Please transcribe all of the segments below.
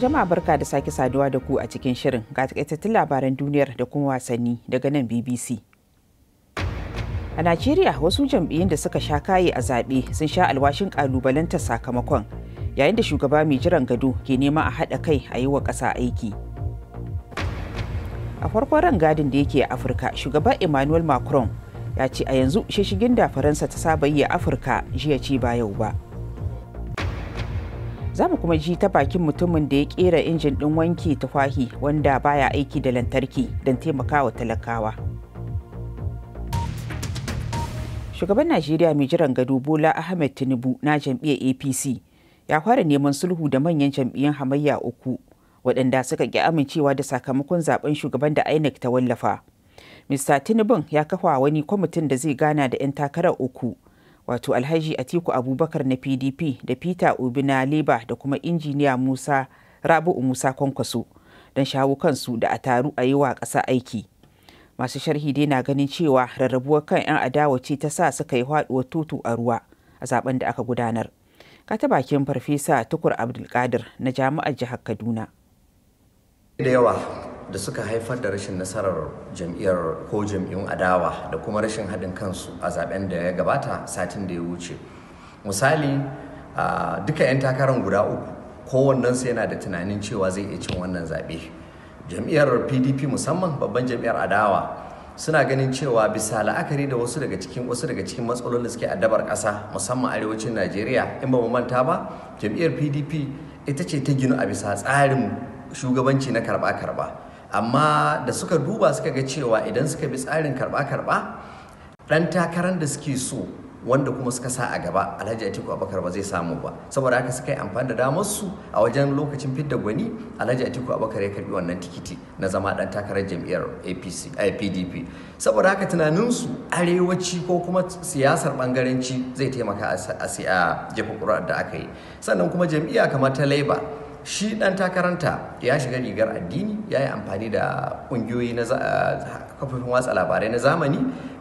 jama'a barka da sake saduwa da ku a cikin shirin ga takaitattun labaran duniyar da kuma wasanni daga nan bbc A Najeriya wasu jam'iyyun da suka sha kaye a zaɓe sun sha alwashin ƙalubalanta sakamakon yayin da shugaba mai jiran gado ke nema a haɗa kai a yi wa ƙasa aiki. A farkon rangadin da yake a Afirka, shugaba Emmanuel Macron ya ce a yanzu shishigin da Faransa ta saba yi a Afirka jiya ce ba yau ba. Za mu kuma ji ta bakin mutumin da ya ƙera injin ɗin wanki tufahi wanda baya aiki da lantarki don taimakawa talakawa. shugaban najeriya mai jiran gado bola ahmed tinubu na jam'iyyar apc ya fara neman sulhu da manyan jam'iyyun hamayya uku waɗanda suka ƙi amincewa da sakamakon zaben shugaban da inec ta wallafa mr tinubu ya kafa wani kwamitin da zai gana da 'yan takarar uku wato alhaji atiku abubakar na pdp da peter obi na labour da kuma injiniya musa rabu'u musa kwankwaso don shawo kansu da a taru a yi wa ƙasa aiki masu sharhi dai na ganin cewa rarrabuwar kan 'yan adawa ce ta sa suka yi haɗuwar tutu a ruwa a zaben da aka gudanar kata bakin farfesa tukur abdulkadir na jami'ar jihar kaduna da yawa da suka haifar da rashin nasarar jam'iyyar ko jam'iyyun adawa da kuma rashin haɗin kansu a zaben da ya gabata satin da ya wuce misali duka 'yan takarar guda uku kowannensu yana da tunanin cewa zai iya cin wannan zaɓe jam'iyyar pdp musamman babban jam'iyyar adawa suna ganin cewa bisa la'akari da wasu daga cikin wasu daga cikin matsalolin da suke addabar ƙasa musamman arewacin najeriya in ba mu manta ba jam'iyyar pdp ita ce ta ginu a bisa tsarin shugabanci na karba-karba amma da suka duba suka ga cewa idan suka bi tsarin karba-karba dan takarar da suke so wanda kuma suka sa a gaba alhaji atiku abakar ba zai samu ba saboda haka suka yi amfani da damar su a wajen lokacin fidda gwani alhaji atiku abakar ya karbi wannan tikiti na zama dan takarar jam'iyyar apc pdp eh, saboda haka tunanin su arewaci ko kuma siyasar bangaranci zai taimaka a jefa ƙuri'ar da aka yi sannan kuma jam'iyya kamar ta labour shi ɗan takaranta ya shiga rigar addini ya yi amfani da ƙungiyoyi na kafofin watsa labarai na zamani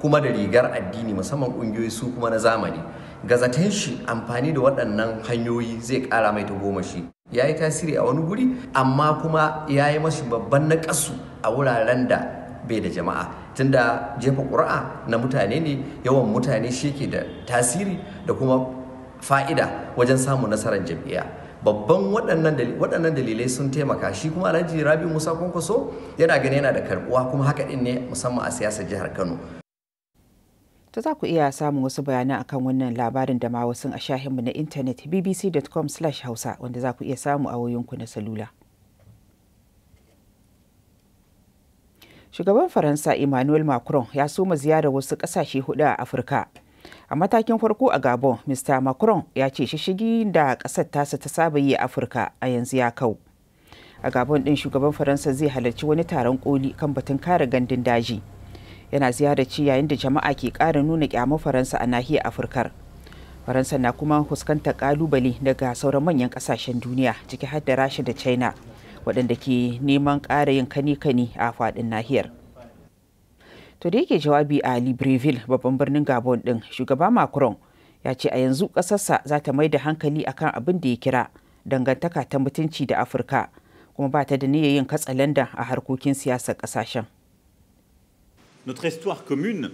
kuma da rigar addini musamman ƙungiyoyi su kuma na zamani gazaten shi amfani da waɗannan hanyoyi zai ƙara mai tagomashi ya yi tasiri a wani guri amma kuma ya yi mashi babban naƙasu a wuraren da bai da jama'a tunda jefa ƙuri'a na mutane ne yawan mutane shi ke da tasiri da kuma fa'ida wajen samun nasarar jam'iyya babban waɗannan dalilai sun taimaka shi kuma alhaji rabi musa kwankwaso yana gani yana da karbuwa kuma haka ɗin ne musamman a siyasar jihar kano ta za ku iya samun wasu bayanan akan wannan labarin da ma wasu a shahinmu na intanet bbc.com hausa wanda za ku iya samu a wayoyinku na salula shugaban faransa emmanuel macron ya soma ziyarar wasu ƙasashe hudu a afirka a matakin farko a gabon mr macron ya ce shishigi da ƙasar tasa ta saba yi a afirka a yanzu ya kau a gabon ɗin shugaban faransa zai halarci wani taron koli kan batun kare gandun daji yana ziyararci yayin da jama'a ke ƙara nuna kyamar faransa a nahiyar afirkar faransa na kuma fuskantar kalubale daga sauran manyan kasashen duniya ciki har da rasha da china waɗanda ke neman ƙara yin kani-kani a faɗin nahiyar to da yake jawabi a libreville babban birnin gabon din shugaba macron ya ce a yanzu ƙasarsa za ta mai da hankali akan abin da ya kira dangantaka ta mutunci da afirka kuma ba ta da niyyar yin katsalanda a harkokin siyasar ƙasashen. Notre histoire commune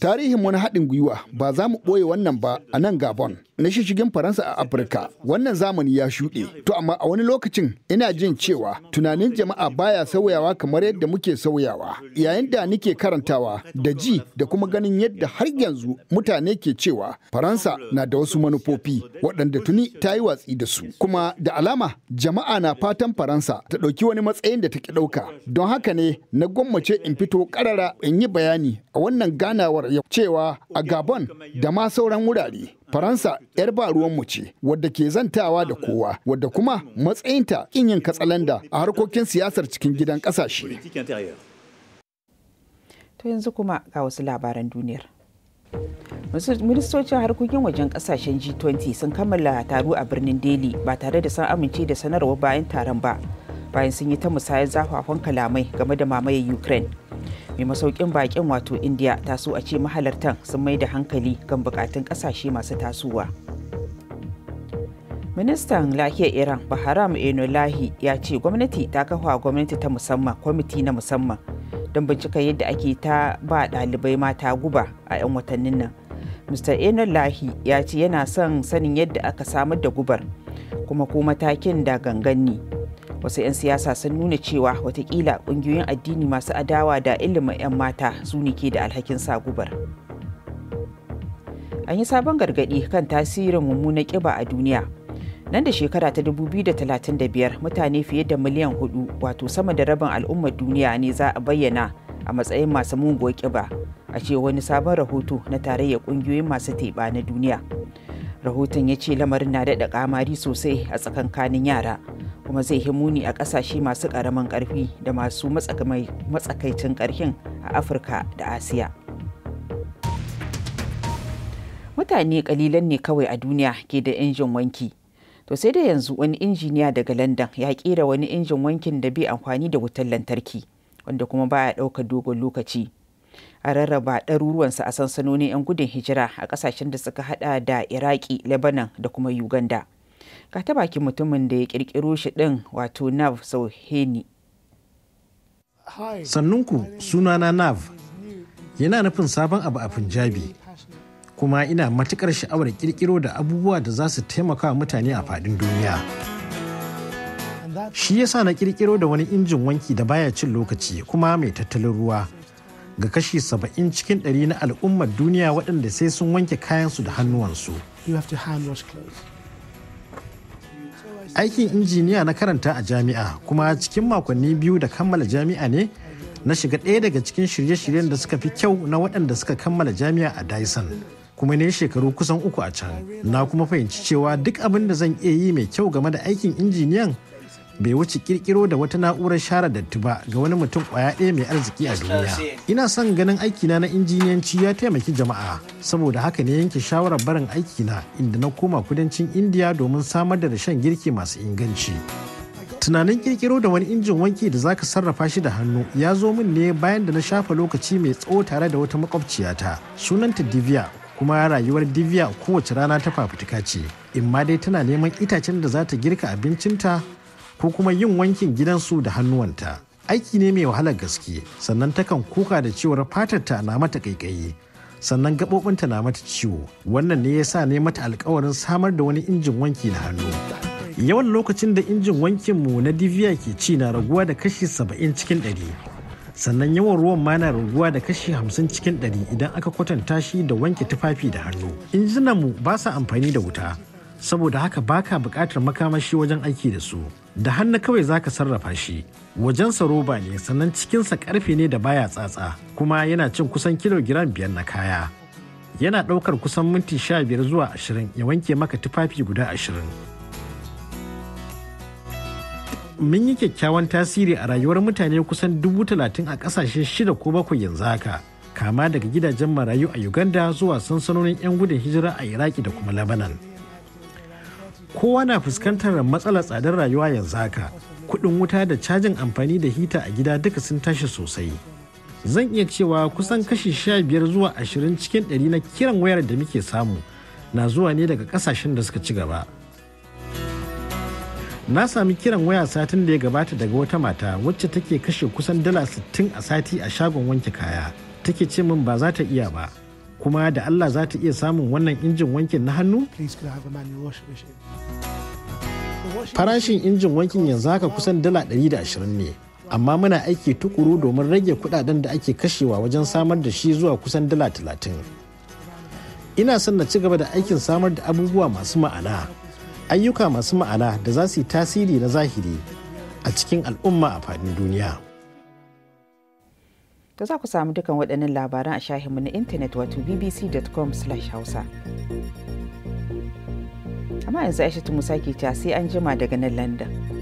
Tarihin wani haɗin gwiwa ba za mu ɓoye wannan ba a nan Gabon. Na shishigin Faransa a Afirka wannan zamani ya shuɗe. To amma a wani lokacin ina jin cewa tunanin jama'a baya sauyawa kamar yadda muke sauyawa. Yayin da nike karantawa da ji da kuma ganin yadda har yanzu mutane ke cewa Faransa na da wasu manufofi waɗanda tuni ta yi watsi da su. Kuma da alama jama'a na fatan Faransa ta ɗauki wani matsayin da take ɗauka. Don haka ne na gwammace in fito ƙarara in yi bayani a wannan ganawa shawarar cewa a Gabon da ma sauran wurare Faransa 'yar ba ruwanmu ce wadda ke zantawa da kowa wadda kuma matsayinta kin yin katsalanda a harkokin siyasar cikin gidan kasashe. To yanzu kuma ga wasu labaran duniyar. ministocin harkokin wajen kasashen g20 sun kammala taro a birnin delhi ba tare da sun amince da sanarwa bayan taron ba bayan sun yi ta musayar zafafan kalamai game da mamayar ukraine mai masaukin bakin wato india ta so a ce mahalartan sun mai da hankali kan bukatun kasashe masu tasowa ministan lafiyar iran baharam enolahi ya ce gwamnati ta kafa gwamnati ta musamman kwamiti na musamman don bincika yadda ake ta ba ɗalibai mata guba a 'yan watannin nan mr enolahi ya ce yana son sanin yadda aka samar da gubar kuma ko matakin da ganganni wasu 'yan siyasa sun nuna cewa watakila ƙungiyoyin addini masu adawa da ilimin 'yan mata su ne ke da alhakin sagubar an yi sabon gargaɗi kan tasirin mummunan ƙiba a duniya nan da shekara ta 2035 mutane fiye da miliyan hudu wato sama da rabin al'ummar duniya ne za a bayyana a matsayin masu muguwar ƙiba a ce wani sabon rahoto na tarayyar ƙungiyoyin masu teɓa na duniya rahoton ya ce lamarin na daɗa ƙamari sosai a tsakankanin yara kuma zai yi muni a ƙasashe masu ƙaramin ƙarfi da masu matsakaicin ƙarfin a afirka da asiya mutane ƙalilan ne kawai a duniya ke da injin wanki to sai da yanzu wani injiniya daga london ya ƙera wani injin wankin da bai amfani da wutar lantarki wanda kuma baya ɗaukar dogon lokaci a rarraba ɗaruruwansa a sansanonin 'yan gudun hijira a ƙasashen da suka hada da iraki lebanon da kuma uganda Ga ta baki mutumin da ya ƙirƙiro shi ɗin wato Nav Sauheni. Sannunku sunana Nav yana nufin sabon abu a Punjabi kuma ina matukar sha'awar ƙirƙiro da abubuwa da za su taimaka mutane a faɗin duniya. Shi yasa na ƙirƙiro da wani injin wanki da baya cin lokaci kuma mai tattalin ruwa. ga kashi saba'in cikin ɗari na al'ummar duniya waɗanda sai sun wanke kayansu da hannuwansu. aikin injiniya na karanta a jami'a kuma cikin makonni biyu da kammala jami'a ne na shiga ɗaya daga cikin shirye-shiryen da suka fi kyau na waɗanda suka kammala jami'a a Dyson. kuma ne shekaru kusan uku a can na kuma fahimci cewa duk abin da zan iya yi mai kyau game da aikin injiniyan bai wuce kirkiro da wata na'urar share datti ba ga wani mutum kwaya ɗaya mai arziki a duniya ina son ganin aikina na injiniyanci ya taimaki jama'a saboda haka ne yanke shawarar barin aikina inda na koma kudancin indiya domin samar da rashin girki masu inganci tunanin kirkiro da wani injin wanki da zaka sarrafa shi da hannu ya zo min ne bayan da na shafa lokaci mai tsawo tare da wata makwabciyata sunanta divya kuma rayuwar divya kowace rana ta fafutuka ce in ma dai tana neman itacen da za ta girka abincinta ko kuma yin wankin gidansu da hannuwanta aiki ne mai wahalar gaske sannan takan kuka da cewar fatarta na mata kaikayi sannan gaɓoɓinta na mata ciwo wannan ne ya sa ne mata alkawarin samar da wani injin wanki na hannu yawan lokacin da injin wankinmu na diviya ke ci na raguwa da kashi saba'in cikin 100 sannan yawan ruwan ma na raguwa da kashi hamsin cikin 100 idan aka kwatanta shi da wanke tufafi da hannu injinanmu ba sa amfani da wuta saboda haka baka bukatar makamashi wajen aiki da su da hannu kawai zaka sarrafa shi wajen sa roba ne sannan cikinsa karfe ne da baya tsatsa kuma yana cin kusan kilogiram biyar na kaya yana ɗaukar kusan minti sha biyar zuwa ashirin ya wanke maka tufafi guda ashirin mun yi kyakkyawan tasiri a rayuwar mutane kusan dubu talatin a ƙasashe shida ko bakwai yanzu haka kama daga gidajen marayu a uganda zuwa sansanonin 'yan gudun hijira a iraki da kuma labanan kowa na fuskantar matsalar tsadar rayuwa yanzu haka kuɗin wuta da cajin amfani da hita a gida duka sun tashi sosai zan iya cewa kusan kashi sha biyar zuwa ashirin cikin ɗari na kiran wayar da muke samu na zuwa ne daga ƙasashen da suka ci gaba na sami kiran waya satin da ya gabata daga wata mata wacce take kashe kusan dala 60 a sati a shagon wanke kaya take ce min ba za ta iya ba kuma da Allah za ta iya samun wannan injin wankin na hannu? Farashin injin wankin yanzu haka kusan dala 120 ne, amma muna aiki tukuru domin rage kudaden da ake kashewa wajen samar da shi zuwa kusan dala 30. Ina son na ci gaba da aikin samar da abubuwa masu ma'ana, ayyuka masu ma'ana da za su yi tasiri na zahiri a cikin al'umma a faɗin duniya. To za ku samu dukan waɗannan labaran a shahinmu na intanet wato bbc.com/hausa. Amma yanzu Aisha Musa ke ta sai an jima daga nan landan.